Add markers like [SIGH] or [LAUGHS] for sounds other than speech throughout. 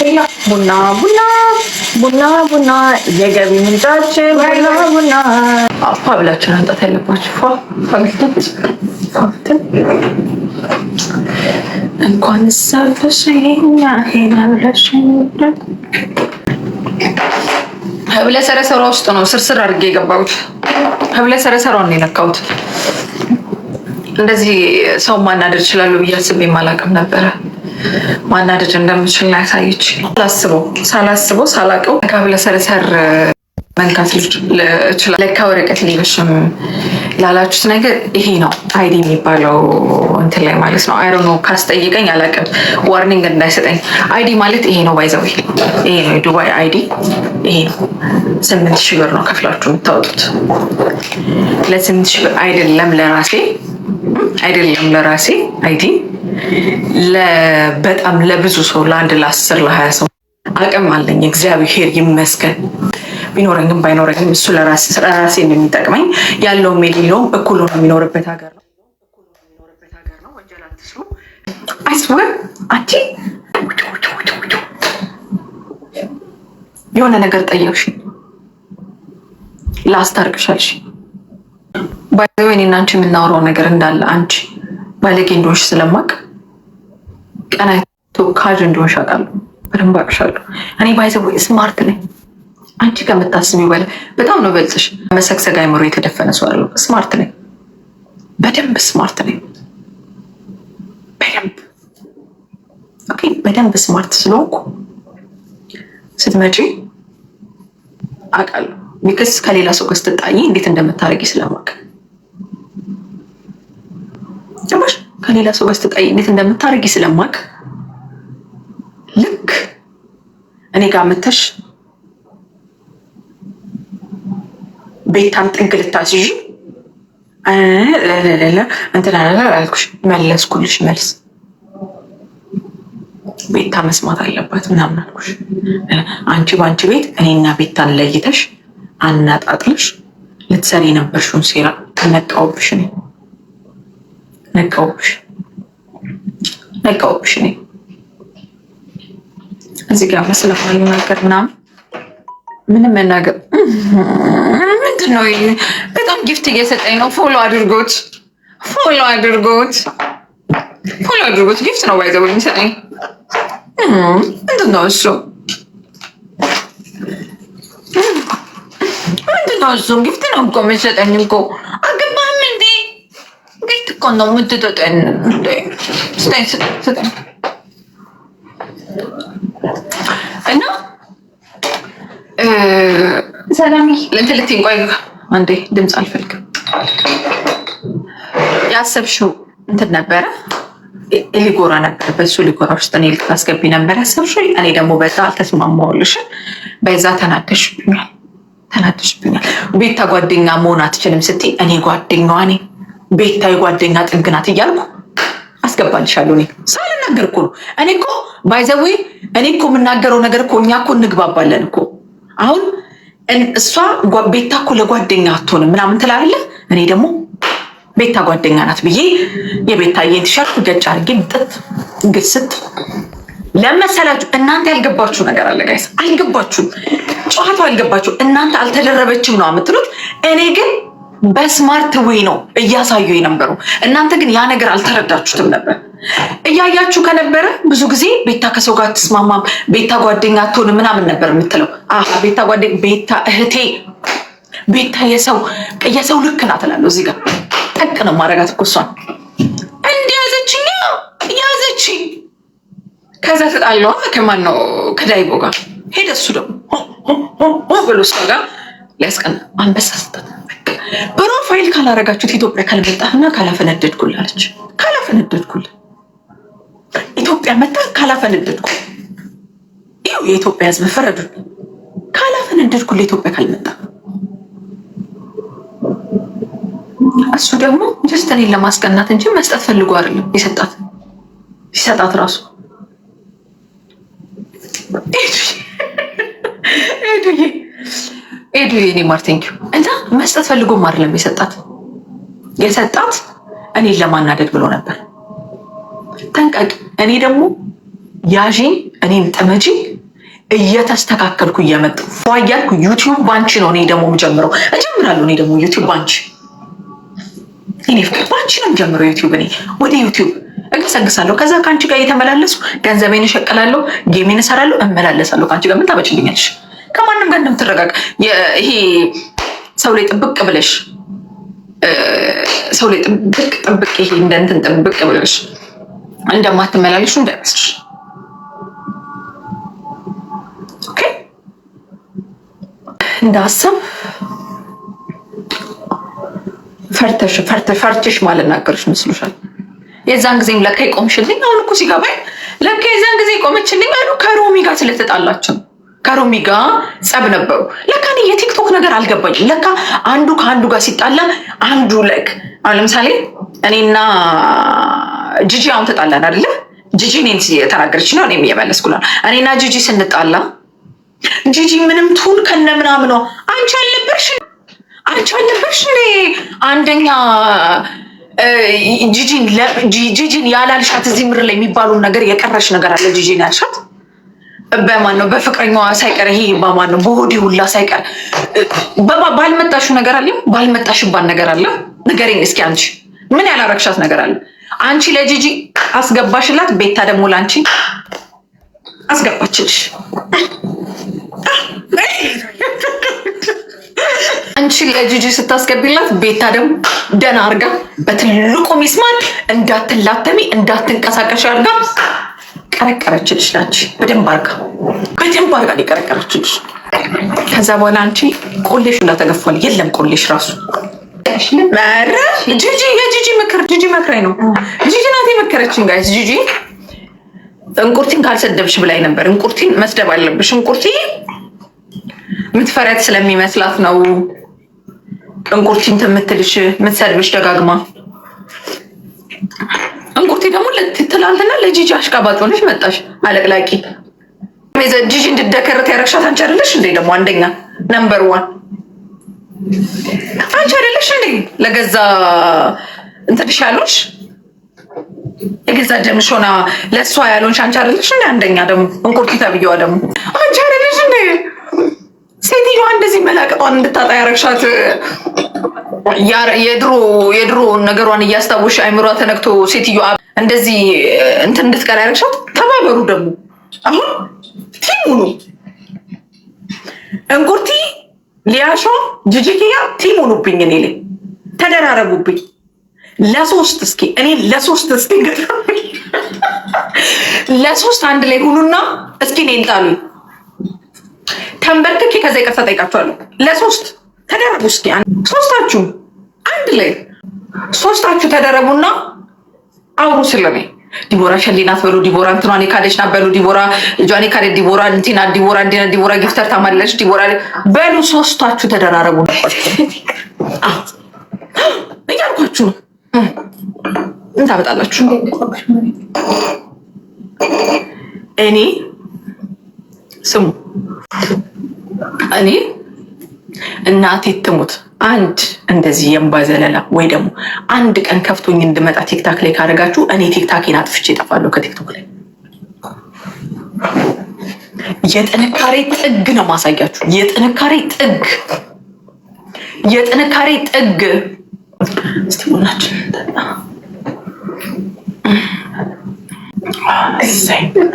ቡና ቡና ቡና ቡና ቡና የገቢ ምንጫችን ቡና ቡና አፋ ብላችሁን አንጣት ያለባችሁ እንኳን ሳብሽኛ ሄናብላሽኝ ህብለ ሰረሰሯ ውስጥ ነው ስርስር አድርጌ የገባሁት። ህብለ ሰረሰሯን የነካሁት እንደዚህ ሰው ማናደር ይችላሉ ብዬ አስቤ አላውቅም ነበረ። ማናደድ እንደምችል ያሳየች። ሳላስበው ሳላስበው ሳላቀው ካብለ ሰርሰር መንካት ይችላል። ለካ ወረቀት ሌሎችም ላላችሁት ነገር ይሄ ነው አይዲ የሚባለው እንትን ላይ ማለት ነው። አይሮ ካስጠይቀኝ አላውቅም፣ ዋርኒንግ እንዳይሰጠኝ። አይዲ ማለት ይሄ ነው፣ ባይዘዊ ይሄ ነው የዱባይ አይዲ ይሄ ነው። ስምንት ሺህ ብር ነው ከፍላችሁ የምታወጡት። ለስምንት ሺህ ብር አይደለም ለራሴ አይደለም ለራሴ አይዲ በጣም ለብዙ ሰው ለአንድ ለአስር ለሀያ ሰው አቅም አለኝ እግዚአብሔር ይመስገን። ቢኖረኝም ባይኖረኝም እሱ ለራሴ ነው የሚጠቅመኝ ያለውም የሌለውም እኩል ነው የሚኖርበት ሀገር ነው። አይስወር አንቺ የሆነ ነገር ጠየቅሽ ላስታርቅሻልሽ ባይዘወይኔ እና አንቺ የምናወራው ነገር እንዳለ አንቺ ባለጌ እንደሆንሽ ስለማቅ ቀና ተወካጅ እንደሆንሽ አውቃለሁ፣ በደንብ አውቅሻለሁ። እኔ ስማርት ነኝ። አንቺ ከምታስቢው በላይ በጣም ነው በልጽሽ። መሰግሰግ አይምሮ የተደፈነ ሰው አለ። ስማርት ነኝ፣ በደንብ ስማርት ነኝ። በደንብ በደንብ ስማርት ስለሆንኩ ስትመጪ አውቃለሁ። ቢከስ ከሌላ ሰው ጋር እንዴት እንደምታደርጊ ስለማውቅ ከሌላ ሰው ጋር ስትቀይ እንደምታደርጊ ስለማቅ ልክ እኔ ጋር መተሽ ቤታን ጥንቅ ልታስዥ እንትን መለስኩልሽ መልስ ቤታ መስማት አለባት ምናምን አልኩሽ። አንቺ በአንቺ ቤት እኔና ቤታን ለይተሽ አናጣጥልሽ ልትሰሪ የነበርሽውን ሴራ ተመጣውብሽ ነው። ነቀውብሽ ነቀውብሽ። እኔ እዚህ ጋር መስለማዩ ነገር ምናምን ምንም መናገር [LAUGHS] ምንድን ነው? በጣም ጊፍት እየሰጠኝ ነው። ፎሎ አድርጎት ፎሎ አድርጎት ፎሎ አድርጎት። ጊፍት ነው ባይዘው የሚሰጠኝ ምንድን ነው እሱ? ምንድን ነው እሱ? ጊፍት ነው እኮ የሚሰጠኝ እኮ አገባ 今度もってたてんで、ስጠኝ ስጠኝ እና ሰላም ልትልትኝ፣ ቆይ አንዴ ድምፅ አልፈልግም። ያሰብሽው እንትን ነበረ ሊጎራ ነበር። በሱ ሊጎራ ውስጥ እኔ ልታስገቢ ነበር ያሰብሽው። እኔ ደግሞ በዛ አልተስማማሁልሽም። በዛ ተናደሽብኛል፣ ተናደሽብኛል። ቤታ ጓደኛ መሆን አትችልም ስትይ እኔ ጓደኛዋ ነኝ ቤታዊ ጓደኛ ጥግ ናት እያልኩ አስገባልሻለሁ። እኔ ሳልናገር እኮ ነው። እኔ እኮ ባይዘዌ እኔ እኮ የምናገረው ነገር እኮ እኛ እኮ እንግባባለን እኮ አሁን እሷ ቤታ እኮ ለጓደኛ አትሆንም ምናምን ትላለ። እኔ ደግሞ ቤታ ጓደኛ ናት ብዬ የቤታዬን ቲሸርት ገጭ አድርጌ ጥት ግስት ለመሰላችሁ። እናንተ ያልገባችሁ ነገር አለ ጋይስ፣ አልገባችሁም። ጨዋታው አልገባችሁ። እናንተ አልተደረበችም ነው የምትሉት። እኔ ግን በስማርት ወይ ነው እያሳዩ የነበረው። እናንተ ግን ያ ነገር አልተረዳችሁትም ነበር። እያያችሁ ከነበረ ብዙ ጊዜ ቤታ ከሰው ጋር አትስማማም፣ ቤታ ጓደኛ አትሆንም ምናምን ነበር የምትለው። ቤታ ጓደኛ፣ ቤታ እህቴ፣ ቤታ የሰው የሰው ልክ ናት እላለሁ። እዚህ ጋር ጠቅ ነው ማረጋት እኮ እሷን እንዲያዘችኝ እያዘች ከዛ ተጣለዋ ከማን ነው ከዳይቦ ጋር ሄደ። እሱ ደግሞ ብሎ ሰው ጋር ሊያስቀና አንበሳ ስጠት ፕሮፋይል ካላረጋችሁት ኢትዮጵያ ካልመጣህና ካላፈነደድኩል አለች። ካላፈነደድኩል ኢትዮጵያ መጣ ካላፈነደድኩ ይው የኢትዮጵያ ሕዝብ ፍረዱ። ካላፈነደድኩል ኢትዮጵያ ካልመጣ እሱ ደግሞ ጀስት እኔን ለማስቀናት እንጂ መስጠት ፈልጎ አይደለም የሰጣት ሲሰጣት ራሱ ኤዱ የኔ ማርቴንኪ እና መስጠት ፈልጎም አይደለም የሰጣት የሰጣት እኔን ለማናደድ ብሎ ነበር። ተንቀቅ። እኔ ደግሞ ያዢ እኔም ጥመጂ እየተስተካከልኩ እየመጡ ፏያልኩ። እያልኩ ዩቲዩብ ባንቺ ነው። እኔ ደግሞ የምጀምረው እጀምራለሁ። እኔ ደግሞ ዩቲዩብ ባንቺ እኔ ፍቅር ባንቺ ነው የምጀምረው። ዩቲዩብ እኔ ወደ ዩቲዩብ እገሰግሳለሁ። ከዛ ከአንቺ ጋር እየተመላለሱ ገንዘቤን እሸቅላለሁ፣ ጌሜን እሰራለሁ፣ እመላለሳለሁ። ከአንቺ ጋር ምን ታመጭልኛለሽ? ከማንም ጋር እንደምትረጋግ ይሄ ሰው ላይ ጥብቅ ብለሽ ሰው ላይ ጥብቅ ጥብቅ ይሄ እንደ እንትን ጥብቅ ብለሽ እንደማትመላለሹ እንዳይመስልሽ። ኦኬ እንዳስብ ፈርተሽ ፈርተሽ ፈርችሽ ማልናገርሽ መስሎሻል። የዛን ጊዜም ለካ ይቆምሽልኝ። አሁን እኮ ሲገባኝ ለካ የዛን ጊዜ ይቆመችልኝ አሉ ከሮሚ ጋር ስለተጣላችሁ ከሮሚ ጋር ጸብ ነበሩ። ለካ እኔ የቲክቶክ ነገር አልገባኝም። ለካ አንዱ ከአንዱ ጋር ሲጣላ አንዱ ለክ አሁን ለምሳሌ እኔና ጂጂ አሁን ተጣላን አይደለ? ጂጂ እኔን የተናገረች ነው፣ እኔም እየመለስኩ እኔና ጂጂ ስንጣላ ጂጂ ምንም ቱን ከነ ምናምኗ አንቺ አልነበርሽ አንቺ አልነበርሽ እንዴ አንደኛ ጂጂን ያላልሻት እዚህ ምድር ላይ የሚባሉን ነገር የቀረሽ ነገር አለ ጂጂን ያልሻት በማን ነው በፍቅረኛዋ ሳይቀር ይሄ በማን ነው በሆዴ ሁላ ሳይቀር ባልመጣሹ ነገር አለ፣ ባልመጣሽባት ነገር አለ። ንገሪኝ እስኪ አንቺ ምን ያላረግሻት ነገር አለ? አንቺ ለጂጂ አስገባሽላት፣ ቤታ ደግሞ ለአንቺ አስገባችልሽ። አንቺ ለጂጂ ስታስገቢላት ቤታ ደግሞ ደህና አርጋ በትልቁ ሚስማን እንዳትላተሚ እንዳትንቀሳቀሽ አርጋ ቀረቀረችልሽ ናች። በደንብ አርጋ በደንብ አርጋ የቀረቀረችልሽ። ከዛ በኋላ አንቺ ቆሌሽ እንዳተገፏል የለም ቆሌሽ ራሱ ጂጂ የጂጂ ምክር ጂጂ መክረኝ ነው። ጂጂ ናት የመከረችን ጋይስ። ጂጂ እንቁርቲን ካልሰደብሽ ብላኝ ነበር። እንቁርቲን መስደብ አለብሽ። እንቁርቲ ምትፈረት ስለሚመስላት ነው እንቁርቲን የምትልሽ ምትሰድብሽ ደጋግማ እንቁርቴ ደግሞ ትላንትና ለጂጂ አሽቃባጭ ሆነሽ መጣሽ። አለቅላቂ ጂጂ እንድደከርት ያረግሻት አንቺ አይደለሽ እንዴ? ደግሞ አንደኛ ነምበር ዋን አንቺ አይደለሽ እንዴ? ለገዛ እንትንሽ ያሉሽ የገዛ ደምሽ ሆና ለእሷ ያሉንሽ አንቺ አይደለሽ እንዴ? አንደኛ ደግሞ እንቁርቴ ተብዬዋ ደግሞ አንቺ አይደለሽ እንዴ? ሴትዮዋ እንደዚህ መላቀጧን እንድታጣ ያረግሻት የድሮ የድሮ ነገሯን እያስታወሽ አይምሯ ተነክቶ ሴትዮዋ እንደዚህ እንትን እንድትቀር ያረግሻት። ተባበሩ ደግሞ አሁን ቲሙ ነው እንቁርቲ ሊያሾ ጅጅኪያ ቲሙ ኑብኝ እኔ ላይ ተደራረቡብኝ። ለሶስት እስኪ እኔ ለሶስት እስኪ ለሶስት አንድ ላይ ሁኑና እስኪ እኔን ጣሉኝ። ተንበርክኬ ከዛ ይቅርታ ጠይቃችኋለሁ። ለሶስት ተደረቡ እስኪ ሶስታችሁ አንድ ላይ ሶስታችሁ ተደረቡና አውሩ ስለኔ። ዲቦራ ሸሊናት በሉ፣ ዲቦራ እንትኗን የካደች ናት በሉ፣ ዲቦራ እጇን የካደች ዲቦራ እንትና ዲቦራ እንዲና ዲቦራ ጊፍተር ታማለች ዲቦራ በሉ። ሶስታችሁ ተደራረቡ እያልኳችሁ ነው። እንታመጣላችሁ እኔ ስሙ እኔ እናቴ ትሙት አንድ እንደዚህ የእምባ ዘለላ ወይ ደግሞ አንድ ቀን ከፍቶኝ እንድመጣ ቲክታክ ላይ ካደረጋችሁ እኔ ቲክታኬን አጥፍቼ እጠፋለሁ ከቲክቶክ ላይ። የጥንካሬ ጥግ ነው ማሳያችሁ። የጥንካሬ ጥግ የጥንካሬ ጥግ እስቲ ቡናችን ነው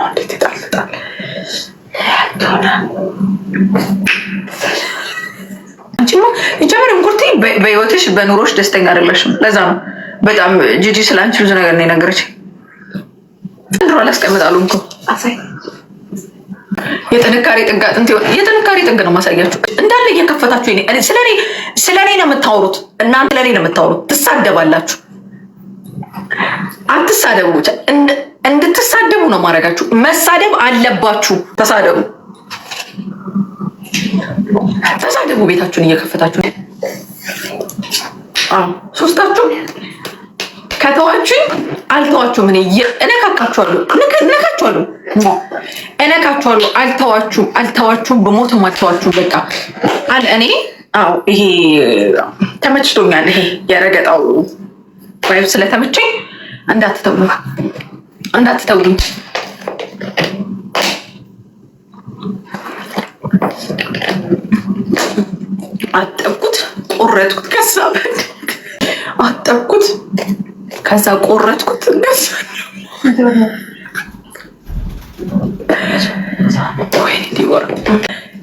እንዴት ይጣፍጣል። እንኩርቲ በህይወትሽ በኑሮሽ ደስተኛ አይደለሽም። ለዛ ነው በጣም ጂጂ ስለ አንቺ ብዙ ነገር ነው የነገረች። ድሮ አላስቀምጣሉ እኮ የጥንካሬ ጥግ አጥንት የጥንካሬ ጥግ ነው ማሳያችሁ። እንዳለ እየከፈታችሁ ስለኔ ነው የምታወሩት። እናንተ ለኔ ነው የምታወሩት። ትሳደባላችሁ አትሳደቡ። ብቻ እንድትሳደቡ ነው ማድረጋችሁ። መሳደብ አለባችሁ። ተሳደቡ፣ ተሳደቡ። ቤታችሁን እየከፈታችሁ ሶስታችሁ ከተዋችሁኝ አልተዋችሁም። እኔ እነካካችኋለሁ፣ እነካችኋለሁ፣ እነካችኋለሁ። አልተዋችሁም፣ አልተዋችሁም፣ በሞትም አልተዋችሁም። በቃ እኔ አዎ፣ ይሄ ተመችቶኛል። ይሄ የረገጣው ባዩ ስለተመቸኝ እንዳትተው እንዳትተውኝ አጠብኩት፣ ቆረጥኩት፣ ከዛ አጠብኩት፣ ከዛ ቆረጥኩት።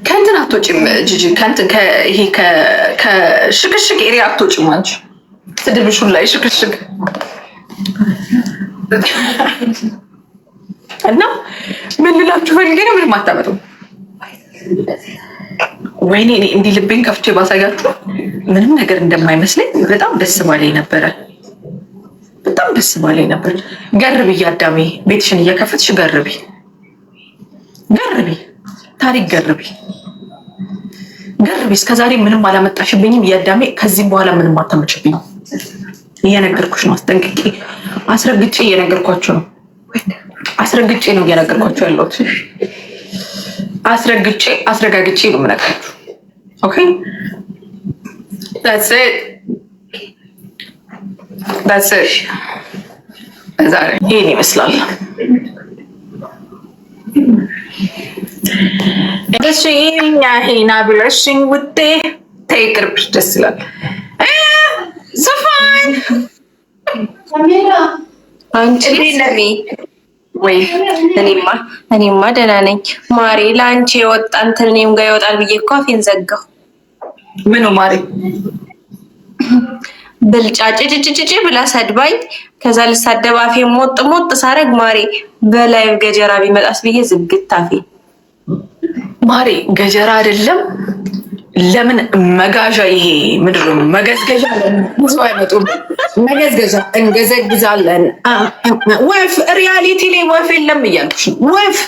ከእንትን አትወጪም ጂጂ፣ ከሽቅሽቅ ኤሪያ አትወጪም አንቺ ስድብሹን ላይ ሽግሽግ እና ምን ልላችሁ ፈልጌ ነው፣ ምንም አታመጡም። ወይኔ እኔ እንዲህ ልቤን ከፍቼ ባሳያችሁ ምንም ነገር እንደማይመስለኝ በጣም ደስ ባለኝ ነበረ። በጣም ደስ ባለኝ ነበር። ገርቢ እያዳሜ ቤትሽን እየከፈትሽ ገርቢ፣ ገርቢ፣ ታሪክ ገርቢ፣ ገርቢ። እስከዛሬ ምንም አላመጣሽብኝም እያዳሜ ከዚህም በኋላ ምንም አታመጭብኝም። እየነገርኩሽ ነው። አስጠንቅቄ አስረግጬ እየነገርኳቸው ነው። አስረግጬ ነው እየነገርኳቸው ያለሁት። አስረግጬ አስረጋግጬ ነው የምነግራችሁ። ኦኬ ዛሬ ይህን ይመስላል። ደስ ይኛ ሄና ብለሽኝ ውጤ ተይቅርብሽ ደስ ይላል። አንቺ ወይ እኔማ እኔማ ደህና ነኝ ማሬ። ለአንቺ የወጣ እንትን እኔም ጋር ይወጣል ብዬ እኮ አፌን ዘጋሁ። ምኑ ማሬ? ብልጫ ጭጭጭጭ ብላ ሰድባኝ፣ ከዛ ልሳደብ አፌን ሞጥ ሞጥ ሳረግ ማሬ በላይ ገጀራ ቢመጣስ ብዬ ዝግት አፌን ማሬ ገጀራ አይደለም ለምን መጋዣ ይሄ ምድሩ መገዝገዣ ሰው አይመጡም? መገዝገዣ እንገዘግዛለን። ወፍ ሪያሊቲ ላይ ወፍ የለም እያልኩሽ ወፍ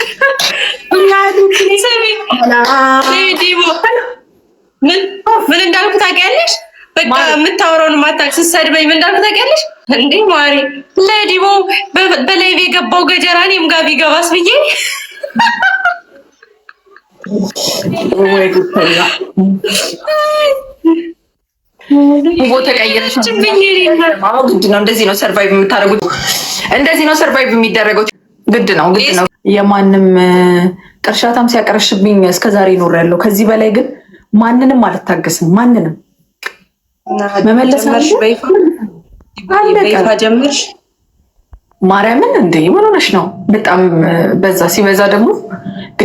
ምን እንዳልኩ ታውቂያለሽ? በቃ የምታወራውን ማታውቅ ስትሰድበኝ ምን እንዳልኩ ታውቂያለሽ? እንዴ ማሪ ለዲቦ በላይቭ የገባው ገጀራ እኔም ጋር ቢገባስ ብዬ ግድ ነው። እንደዚህ ነው ሰርቫይቭ የምታደርጉት። እንደዚህ ነው ሰርቫይቭ የሚደረገው። ግድ ነው፣ ግድ ነው። የማንም ቅርሻታም ሲያቀረሽብኝ እስከዛሬ ይኖር ያለው። ከዚህ በላይ ግን ማንንም አልታገስም። ማንንም መመለስ ማርያምን ምን ሆነሽ ነው? በጣም በዛ ሲበዛ ደግሞ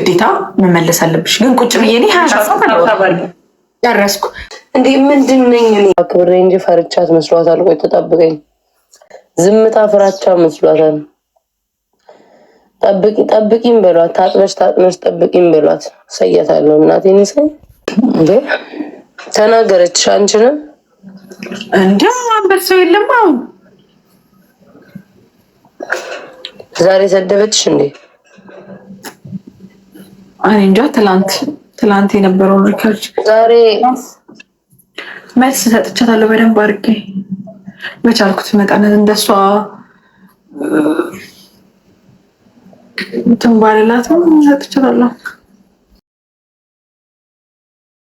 ግዴታ መመለስ አለብሽ። ግን ቁጭ ብዬ እኔ ጨረስኩ እንዴ ምንድነኝ እኔ አክብሬ እንጂ ፈርቻት መስሏታል። ቆይ ተጠብቀኝ፣ ዝምታ ፍራቻ መስሏታል። ጠብቂ ጠብቂም በሏት፣ ታጥበሽ ታጥበሽ ጠብቂም በሏት። ሰያታለሁ እናቴን ሰይ እንዴ ተናገረች። አንችንም እንዲያው ሰው የለም አሁን ዛሬ ሰደበችሽ እንዴ? እኔ እንጃ ትላንት ትላንት የነበረውን ሪከርድ ዛሬ መልስ ሰጥቻታለሁ በደንብ አድርጌ በቻልኩት መጠን እንደሷ ትንባልላትም ባልላትም ሰጥቻታለሁ።